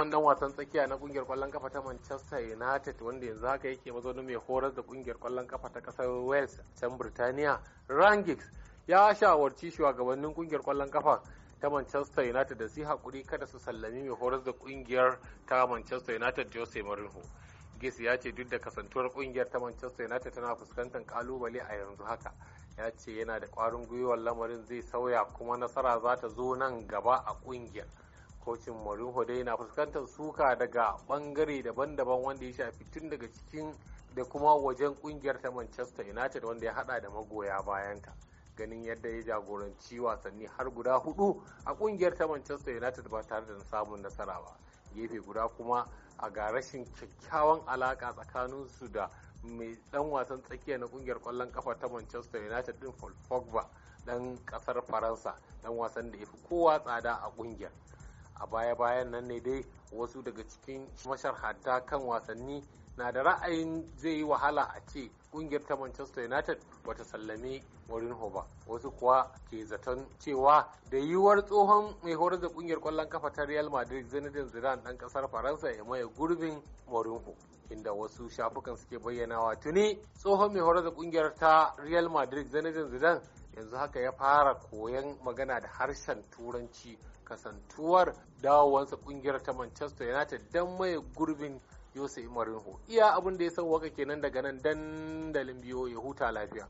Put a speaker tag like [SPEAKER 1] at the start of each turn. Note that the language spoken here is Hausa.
[SPEAKER 1] tsohon dan wasan tsakiya na kungiyar kwallon kafa ta Manchester United wanda yanzu haka yake mazaunin mai horar da kungiyar kwallon kafa ta kasar Wales can Birtaniya Rangix ya shawarci shugabannin kungiyar kwallon kafa ta Manchester United da su hakuri kada su sallami mai horar da kungiyar ta Manchester United Jose Mourinho. Gis ya ce duk da kasantuwar kungiyar ta Manchester United tana fuskantar kalubale a yanzu haka. Ya ce yana da kwarin gwiwar lamarin zai sauya kuma nasara za ta zo nan gaba a kungiyar. kocin Mourinho dai na fuskantar suka daga bangare daban-daban wanda ya shafi tun daga cikin da kuma wajen kungiyar ta Manchester United wanda ya hada da magoya bayanta. ganin yadda ya jagoranci wasanni har guda hudu a kungiyar ta Manchester United ba tare da samun nasara ba. Gefe guda kuma a ga rashin kyakkyawan alaka tsakaninsu da mai dan wasan tsakiya na kungiyar kwallon kafa ta Manchester United din Paul Pogba dan kasar Faransa dan wasan da ya fi kowa tsada a kungiyar. a baya-bayan nan ne dai wasu daga cikin masharhata kan wasanni na da ra'ayin zai yi wahala a ce kungiyar ta manchester united wata sallame warin Hoba. wasu kuwa ke zaton cewa da yiwuwar tsohon mai horar da kungiyar kwallon kafa ta real madrid zinedine zidane dan kasar faransa ya maye gurbin mourinho inda wasu shafukan suke bayyanawa tuni tsohon mai horar da kungiyar ta real madrid zinedine zidane yanzu haka ya fara koyan magana da harshen turanci kasantuwar dawowansa kungiyar ta manchester united don mai gurbin yose marinho iya abin ya san waka kenan daga nan dandalin biyo ya huta lafiya